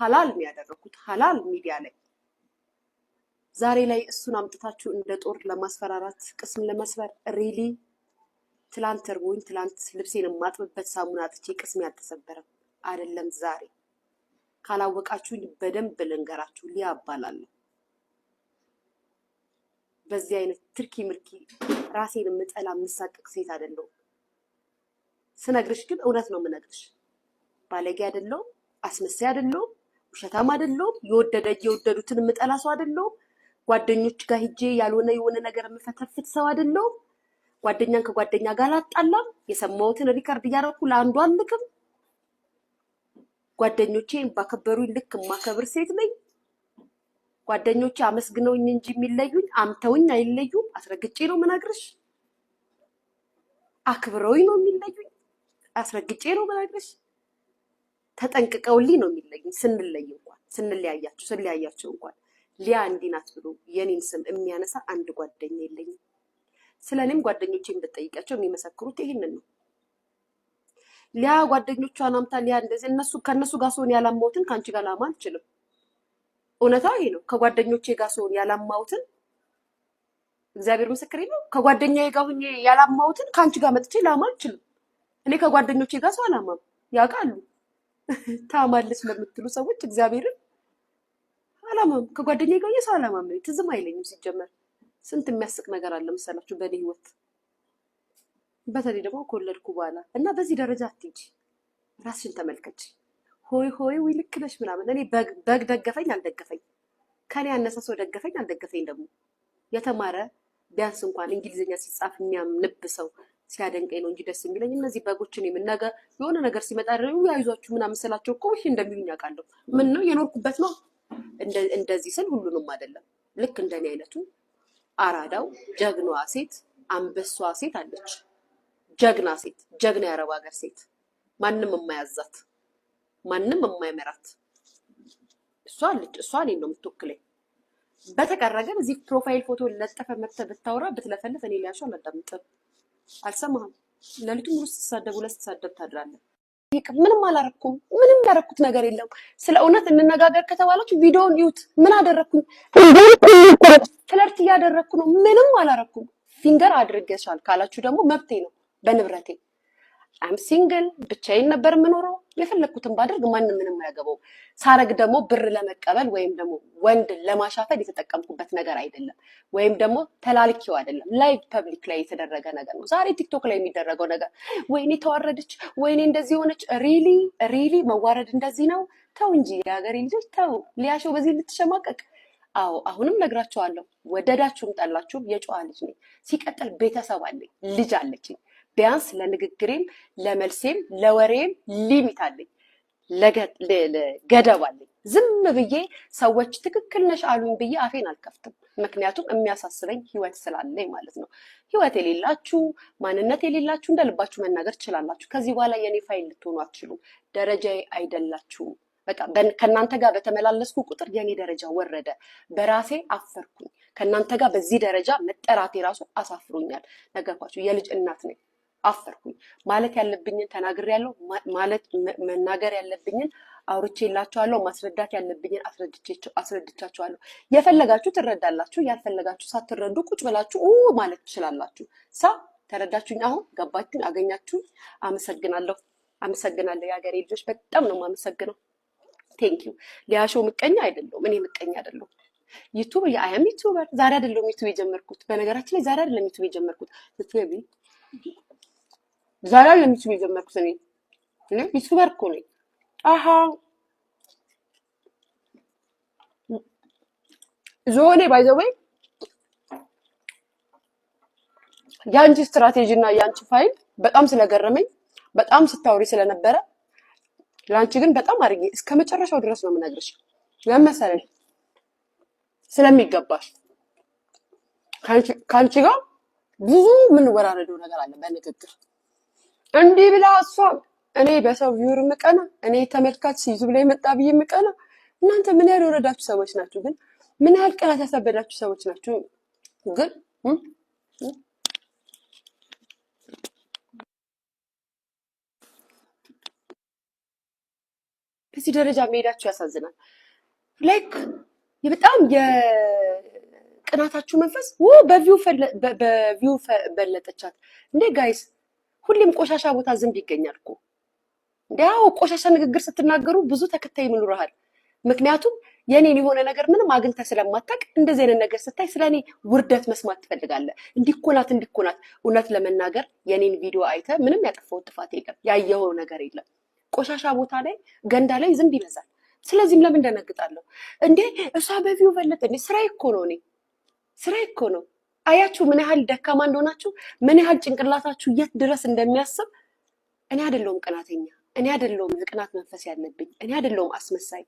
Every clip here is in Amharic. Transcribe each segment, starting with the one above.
ሀላል ነው ያደረኩት ሀላል ሚዲያ ላይ ዛሬ ላይ እሱን አምጥታችሁ እንደ ጦር ለማስፈራራት ቅስም ለመስበር ሪሊ ትላንት እርቦኝ ትላንት ልብሴን የማጥብበት ሳሙና አጥቼ ቅስሜ አልተሰበረም አይደለም ዛሬ ካላወቃችሁኝ በደንብ ልንገራችሁ ሊያባላለሁ በዚህ አይነት ትርኪ ምርኪ ራሴን የምጠላ የምሳቀቅ ሴት አይደለሁም ስነግርሽ ግን እውነት ነው የምነግርሽ ባለጌ አይደለሁም አስመሳይ አይደለሁም ውሸታም አይደለሁም። የወደደ የወደዱትን የምጠላ ሰው አይደለሁም። ጓደኞች ጋር ሂጄ ያልሆነ የሆነ ነገር የምፈተፍት ሰው አይደለሁም። ጓደኛን ከጓደኛ ጋር አላጣላም። የሰማሁትን ሪከርድ እያደረኩ ለአንዱ አልልክም። ጓደኞቼ ባከበሩኝ ልክ የማከብር ሴት ነኝ። ጓደኞቼ አመስግነውኝ እንጂ የሚለዩኝ አምተውኝ አይለዩም። አስረግጬ ነው ምናግርሽ። አክብረውኝ ነው የሚለዩኝ። አስረግጬ ነው ምናግርሽ። ተጠንቅቀውልኝ ነው የሚለይኝ። ስንለይ እንኳን ስንለያያቸው ስንለያያቸው እንኳን ሊያ እንዲናት ብሎ የኔን ስም የሚያነሳ አንድ ጓደኛ የለኝም። ስለ እኔም ጓደኞቼን ብትጠይቂያቸው የሚመሰክሩት ይህንን ነው። ሊያ ጓደኞቿን አምታ ሊያ እንደዚህ እነሱ ከእነሱ ጋር ስሆን ያላማሁትን ከአንቺ ጋር ላማ አልችልም። እውነታው ይሄ ነው። ከጓደኞቼ ጋር ስሆን ያላማሁትን እግዚአብሔር ምስክሬ ነው። ከጓደኛዬ ጋር ሁኜ ያላማሁትን ከአንቺ ጋር መጥቼ ላማ አልችልም። እኔ ከጓደኞቼ ጋር ሰው አላማም ያውቃሉ። ታማለች ለምትሉ ሰዎች እግዚአብሔርን አላማም ከጓደኛ ጋር የሰው አላማም ነው ትዝም አይለኝም። ሲጀመር ስንት የሚያስቅ ነገር አለ መሰላችሁ በእኔ ህይወት፣ በተለይ ደግሞ ከወለድኩ በኋላ እና በዚህ ደረጃ አትሄጂ፣ ራስሽን ተመልከች። ሆይ ሆይ ወይ ልክ ነሽ ምናምን። እኔ በግ ደገፈኝ አልደገፈኝ፣ ከኔ ያነሰ ሰው ደገፈኝ አልደገፈኝ ደግሞ የተማረ ቢያንስ እንኳን እንግሊዝኛ ሲጻፍ የሚያነብ ሰው ሲያደንቀኝ ነው እንጂ ደስ የሚለኝ እነዚህ በጎችን የምናገር የሆነ ነገር ሲመጣ ያይዟችሁ ምናምን ስላቸው እኮ ይህ እንደሚሉኝ አውቃለሁ። ምን ነው የኖርኩበት ነው። እንደዚህ ስል ሁሉንም አይደለም። ልክ እንደኔ አይነቱ አራዳው ጀግናዋ ሴት አንበሷ ሴት አለች። ጀግና ሴት፣ ጀግና የአረብ ሀገር ሴት፣ ማንም የማያዛት ማንም የማይመራት እሷ አለች። እሷ እኔን ነው የምትወክለኝ። በተቀረ ግን እዚህ ፕሮፋይል ፎቶ ለጠፈ መጥተህ ብታወራ ብትለፈልፍ እኔ ሊያሻ አላዳምጥም። አልሰማህም? ለሊቱም ሙሉ ስትሳደብ ሁለት ስትሳደብ ታድራለህ። ምንም አላረኩም። ምንም ያረኩት ነገር የለም። ስለ እውነት እንነጋገር ከተባላችሁ ቪዲዮውን ይዩት። ምን አደረግኩኝ? ፍለርት እያደረግኩ ነው። ምንም አላረኩም። ፊንገር አድርገሻል ካላችሁ ደግሞ መብቴ ነው በንብረቴ አም ሲንግል ብቻዬን ነበር የምኖረው። የፈለግኩትን ባደርግ ማንም ምንም አያገባው። ሳረግ ደግሞ ብር ለመቀበል ወይም ደግሞ ወንድ ለማሻፈል የተጠቀምኩበት ነገር አይደለም፣ ወይም ደግሞ ተላልኪው አይደለም። ላይቭ ፐብሊክ ላይ የተደረገ ነገር ነው። ዛሬ ቲክቶክ ላይ የሚደረገው ነገር ወይኔ ተዋረደች፣ ወይኔ እንደዚህ ሆነች። ሪሊ ሪሊ መዋረድ እንደዚህ ነው? ተው እንጂ የሀገሬ ልጆች ተው። ሊያሸው በዚህ ልትሸማቀቅ አዎ አሁንም ነግራቸዋለሁ። ወደዳችሁም ጠላችሁም የጨዋ ልጅ ነኝ። ሲቀጥል ቤተሰብ አለኝ፣ ልጅ አለችኝ። ቢያንስ ለንግግሬም ለመልሴም ለወሬም ሊሚት አለኝ፣ ገደብ አለኝ። ዝም ብዬ ሰዎች ትክክል ነሽ አሉኝ ብዬ አፌን አልከፍትም። ምክንያቱም የሚያሳስበኝ ህይወት ስላለኝ ማለት ነው። ህይወት የሌላችሁ ማንነት የሌላችሁ እንደልባችሁ መናገር ትችላላችሁ። ከዚህ በኋላ የኔ ፋይል ልትሆኑ አትችሉም። ደረጃዬ አይደላችሁም። በቃ ከእናንተ ጋር በተመላለስኩ ቁጥር የኔ ደረጃ ወረደ፣ በራሴ አፈርኩኝ። ከእናንተ ጋር በዚህ ደረጃ መጠራቴ ራሱ አሳፍሮኛል። ነገርኳችሁ፣ የልጅ እናት ነኝ። አፈርኩኝ። ማለት ያለብኝን ተናግሬያለሁ። ማለት መናገር ያለብኝን አውርቼላችኋለሁ። ማስረዳት ያለብኝን አስረድቻችኋለሁ። የፈለጋችሁ ትረዳላችሁ፣ ያልፈለጋችሁ ሳትረዱ ቁጭ ብላችሁ ማለት ትችላላችሁ። ሳ ተረዳችሁኝ? አሁን ገባችሁኝ? አገኛችሁኝ? አመሰግናለሁ። አመሰግናለሁ። የሀገሬ ልጆች በጣም ነው የማመሰግነው። ቴንኪዩ። ሊያሾ ምቀኛ አይደለሁም። እኔ ምቀኛ አይደለሁም። ዩቱብ የአያም ዩቱበር ዛሬ አይደለሁም ዩቱብ የጀመርኩት። በነገራችን ላይ ዛሬ አይደለም ዩቱብ የጀመርኩት ዩቱብ ዛሬ ለሚስቡ የጀመርኩት እኔ እኔ ዩቲዩበር እኮ ነኝ። አሃ ዞኔ ባይ ዘ ወይ የአንቺ ስትራቴጂ እና የአንቺ ፋይል በጣም ስለገረመኝ በጣም ስታውሪ ስለነበረ ለአንቺ ግን በጣም አድርጌ እስከ መጨረሻው ድረስ ነው የምነግርሽ። ለምን መሰለሽ? ስለሚገባሽ ከአንቺ ጋር ብዙ የምንወራረደው ነገር አለ በንግግር እንዲህ ብላ እሷ እኔ በሰው ቪውር ምቀና እኔ ተመልካች ሲይዙ ላይ የመጣ ብዬ ምቀና። እናንተ ምን ያህል የወረዳችሁ ሰዎች ናችሁ? ግን ምን ያህል ቅናት ያሳበዳችሁ ሰዎች ናችሁ? ግን በዚህ ደረጃ መሄዳችሁ ያሳዝናል። ላይክ በጣም የቅናታችሁ መንፈስ በቪው በለጠቻት እንዴ ጋይስ ሁሌም ቆሻሻ ቦታ ዝንብ ይገኛል እኮ እንዲያው ቆሻሻ ንግግር ስትናገሩ ብዙ ተከታይ ምኑረሃል። ምክንያቱም የኔን የሆነ ነገር ምንም አግኝተ ስለማታቅ እንደዚህ አይነት ነገር ስታይ ስለ እኔ ውርደት መስማት ትፈልጋለህ። እንዲኮናት እንዲኮናት እውነት ለመናገር የኔን ቪዲዮ አይተ ምንም ያጠፋው ጥፋት የለም፣ ያየኸው ነገር የለም። ቆሻሻ ቦታ ላይ ገንዳ ላይ ዝንብ ይበዛል። ስለዚህም ለምን ደነግጣለሁ እንዴ? እሷ በቪው በለጠ። ስራ እኮ ነው እኔ ስራ እኮ ነው አያችሁ ምን ያህል ደካማ እንደሆናችሁ፣ ምን ያህል ጭንቅላታችሁ የት ድረስ እንደሚያስብ። እኔ አይደለሁም ቅናተኛ፣ እኔ አይደለሁም የቅናት መንፈስ ያለብኝ፣ እኔ አይደለሁም አስመሳይ።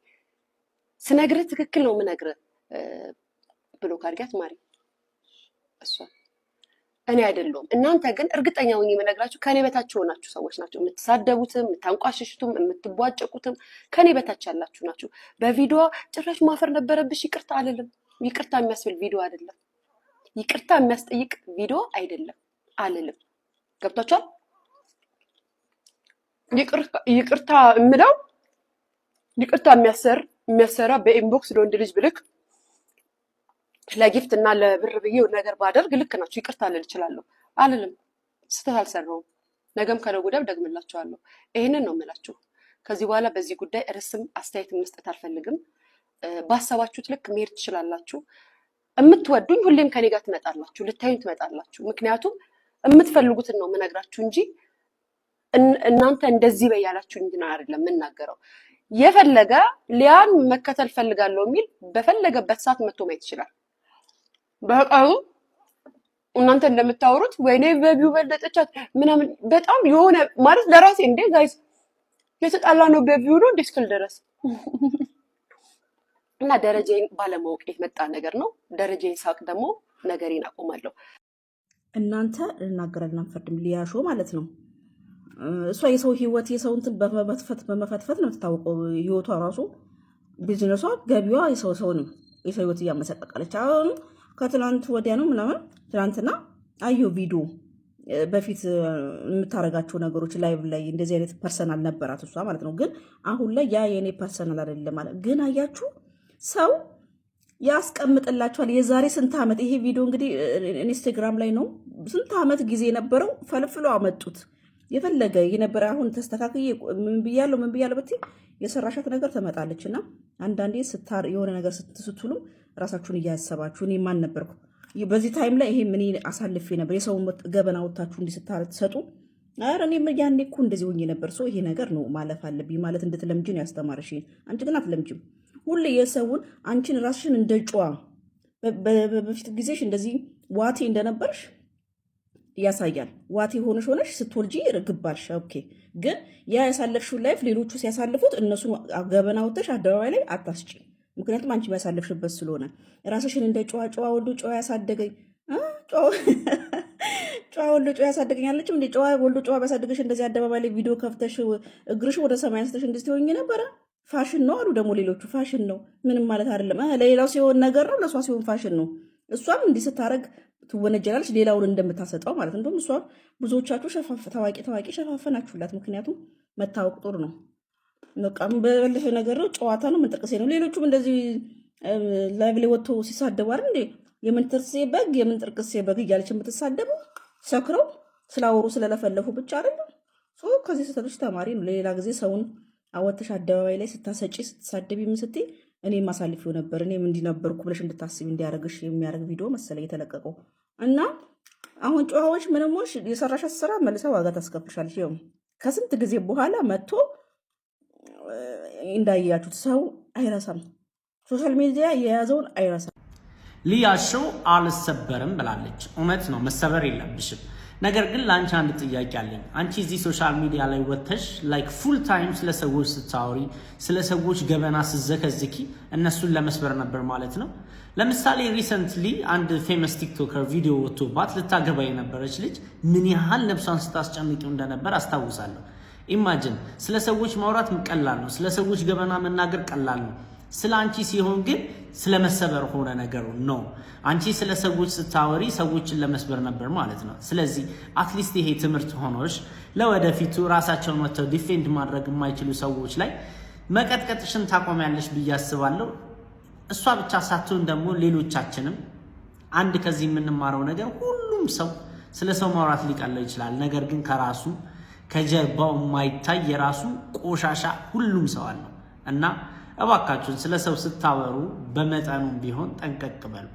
ስነግርህ ትክክል ነው የምነግርህ ብሎ ካድጋት ማሪ እሷ እኔ አይደለሁም። እናንተ ግን እርግጠኛ ሆኜ የምነግራችሁ ከእኔ በታች የሆናችሁ ሰዎች ናቸው። የምትሳደቡትም፣ የምታንቋሸሽቱም፣ የምትቧጨቁትም ከእኔ በታች ያላችሁ ናችሁ። በቪዲዮ ጭራሽ ማፈር ነበረብሽ ይቅርታ አልልም። ይቅርታ የሚያስብል ቪዲዮ አይደለም። ይቅርታ የሚያስጠይቅ ቪዲዮ አይደለም አልልም። ገብቷችኋል? ይቅርታ የምለው ይቅርታ የሚያሰር የሚያሰራ በኢንቦክስ ለወንድ ልጅ ብልክ ለጊፍት እና ለብር ብዬ ነገር ባደርግ ልክ ናቸው። ይቅርታ ልል እችላለሁ አልልም። ስህተት አልሰራውም። ነገም ከነገ ወዲያ ደግምላችኋለሁ። ይህንን ነው የምላችሁ። ከዚህ በኋላ በዚህ ጉዳይ ርዕስም አስተያየት መስጠት አልፈልግም። ባሰባችሁት ልክ መሄድ ትችላላችሁ። የምትወዱኝ ሁሌም ከኔ ጋር ትመጣላችሁ፣ ልታዩኝ ትመጣላችሁ። ምክንያቱም የምትፈልጉትን ነው የምነግራችሁ እንጂ እናንተ እንደዚህ በያላችሁ ያላችሁኝ አይደለም የምናገረው። የፈለገ ሊያን መከተል ፈልጋለሁ የሚል በፈለገበት ሰዓት መቶ ማየት ይችላል። በቀሩ እናንተ እንደምታወሩት ወይኔ በቢው በለጠቻት ምናምን በጣም የሆነ ማለት ለራሴ እንዴ ጋይስ የተጣላ ነው በቢው ነው እንዴ እስክል ድረስ እና ደረጃዬን ባለማወቅ የመጣ ነገር ነው። ደረጃዬን ሳቅ ደግሞ ነገሬን አቆማለሁ። እናንተ ልናገረልና አንፈርድም ሊያሾ ማለት ነው። እሷ የሰው ህይወት የሰውን በመፈትፈት በመፈትፈት ነው የምትታወቀው። ህይወቷ ራሱ ቢዝነሷ፣ ገቢዋ የሰው ሰው ነው። የሰው ህይወት እያመሰጠቃለች። አሁን ከትላንት ወዲያ ነው ምናምን ትላንትና አየሁ ቪዲዮ በፊት የምታደርጋቸው ነገሮች ላይቭ ላይ እንደዚህ አይነት ፐርሰናል ነበራት እሷ ማለት ነው። ግን አሁን ላይ ያ የእኔ ፐርሰናል አይደለም ማለት ግን አያችሁ ሰው ያስቀምጥላችኋል። የዛሬ ስንት ዓመት ይሄ ቪዲዮ እንግዲህ ኢንስታግራም ላይ ነው። ስንት ዓመት ጊዜ የነበረው ፈልፍሎ አመጡት። የፈለገ የነበረ አሁን ተስተካክዬ ምን ብያለሁ ምን ብያለሁ ብትይ የሰራሻት ነገር ትመጣለች። እና አንዳንዴ ስታር የሆነ ነገር ስትስትሉ ራሳችሁን እያሰባችሁ እኔ ማን ነበርኩ በዚህ ታይም ላይ ይሄ ምን አሳልፌ ነበር የሰውን ገበና ወታችሁ እንዲህ ስታር ትሰጡ ኧረ እኔም ያኔ እኮ እንደዚህ ሆኜ ነበር። ሰው ይሄ ነገር ነው ማለፍ አለብኝ ማለት እንድትለምጂን ያስተማርሽ አንቺ ግን አትለምጂም። ሁሌ የሰውን አንቺን ራስሽን እንደ ጨዋ በፊት ጊዜሽ እንደዚህ ዋቴ እንደነበርሽ ያሳያል። ዋቴ ሆነሽ ሆነሽ ስትወልጂ ርግባልሽ። ኦኬ ግን ያ ያሳለፍሽውን ላይፍ ሌሎቹ ሲያሳልፉት እነሱን ገበና ወተሽ አደባባይ ላይ አታስጪ። ምክንያቱም አንቺ ያሳለፍሽበት ስለሆነ ራስሽን እንደ ጨዋ ጨዋ ወልዶ ጨዋ ያሳደገኝ ጨዋ ወልዶ ጨዋ ያሳደገኝ አለችም እንደ ጨዋ ወልዶ ጨዋ ያሳደገሽ እንደዚህ አደባባይ ላይ ቪዲዮ ከፍተሽ እግርሽ ወደ ሰማይ አንስተሽ እንድትሆኝ ነበረ። ፋሽን ነው አሉ ደግሞ ሌሎቹ። ፋሽን ነው ምንም ማለት አይደለም። ለሌላው ሲሆን ነገር ነው፣ ለእሷ ሲሆን ፋሽን ነው። እሷም እንዲህ ስታደርግ ትወነጀላለች፣ ሌላውን እንደምታሰጠው ማለት ነው። እንደውም እሷ ብዙዎቻችሁ ታዋቂ ታዋቂ ሸፋፈናችሁላት። ምክንያቱም መታወቅ ጥሩ ነው። በቃም በለፈ ነገር ጨዋታ ነው፣ መንጠቅሴ ነው። ሌሎቹም እንደዚህ ላይቭ ወጥቶ ሲሳደቡ አይደል እንዴ? በግ የምንጥርቅሴ በግ እያለች የምትሳደበው ሰክረው ስላወሩ ስለለፈለፉ ብቻ አይደለም። ከዚህ ስህተቶች ተማሪ ነው። ለሌላ ጊዜ ሰውን አወተሽ አደባባይ ላይ ስታሰጪ ስትሳደቢ ምስት ስትይ እኔም ነበር እኔም እንዲነበርኩ ብለሽ እንድታስብ እንዲያደርግሽ የሚያደርግ ቪዲዮ መሰለ የተለቀቀው እና አሁን ጨዋዎች ምንሞች የሰራሽ ስራ መልሳ ዋጋ ታስከፍልሻለች። ይኸው ከስንት ጊዜ በኋላ መጥቶ እንዳያችሁት ሰው አይረሳም፣ ሶሻል ሚዲያ የያዘውን አይረሳም። ሊያሾው አልሰበርም ብላለች። እውነት ነው መሰበር የለብሽም። ነገር ግን ለአንቺ አንድ ጥያቄ አለኝ። አንቺ እዚህ ሶሻል ሚዲያ ላይ ወጥተሽ ላይክ ፉል ታይም ስለ ሰዎች ስታወሪ፣ ስለ ሰዎች ገበና ስዘከዝኪ እነሱን ለመስበር ነበር ማለት ነው። ለምሳሌ ሪሰንትሊ አንድ ፌመስ ቲክቶከር ቪዲዮ ወጥቶባት ልታገባ የነበረች ልጅ ምን ያህል ነብሷን ስታስጨንቂው እንደነበር አስታውሳለሁ። ኢማጅን ስለ ሰዎች ማውራት ቀላል ነው። ስለ ሰዎች ገበና መናገር ቀላል ነው። ስለ አንቺ ሲሆን ግን ስለ መሰበር ሆነ ነገሩ ነው። አንቺ ስለ ሰዎች ስታወሪ ሰዎችን ለመስበር ነበር ማለት ነው። ስለዚህ አትሊስት ይሄ ትምህርት ሆኖች ለወደፊቱ ራሳቸውን መጥተው ዲፌንድ ማድረግ የማይችሉ ሰዎች ላይ መቀጥቀጥሽን ታቆሚያለሽ ብዬ አስባለሁ። እሷ ብቻ ሳትሆን ደግሞ ሌሎቻችንም አንድ ከዚህ የምንማረው ነገር ሁሉም ሰው ስለ ሰው ማውራት ሊቀለው ይችላል። ነገር ግን ከራሱ ከጀርባው የማይታይ የራሱ ቆሻሻ ሁሉም ሰው አለው እና እባካችሁን ስለ ሰው ስታወሩ በመጠኑም ቢሆን ጠንቀቅ በሉ።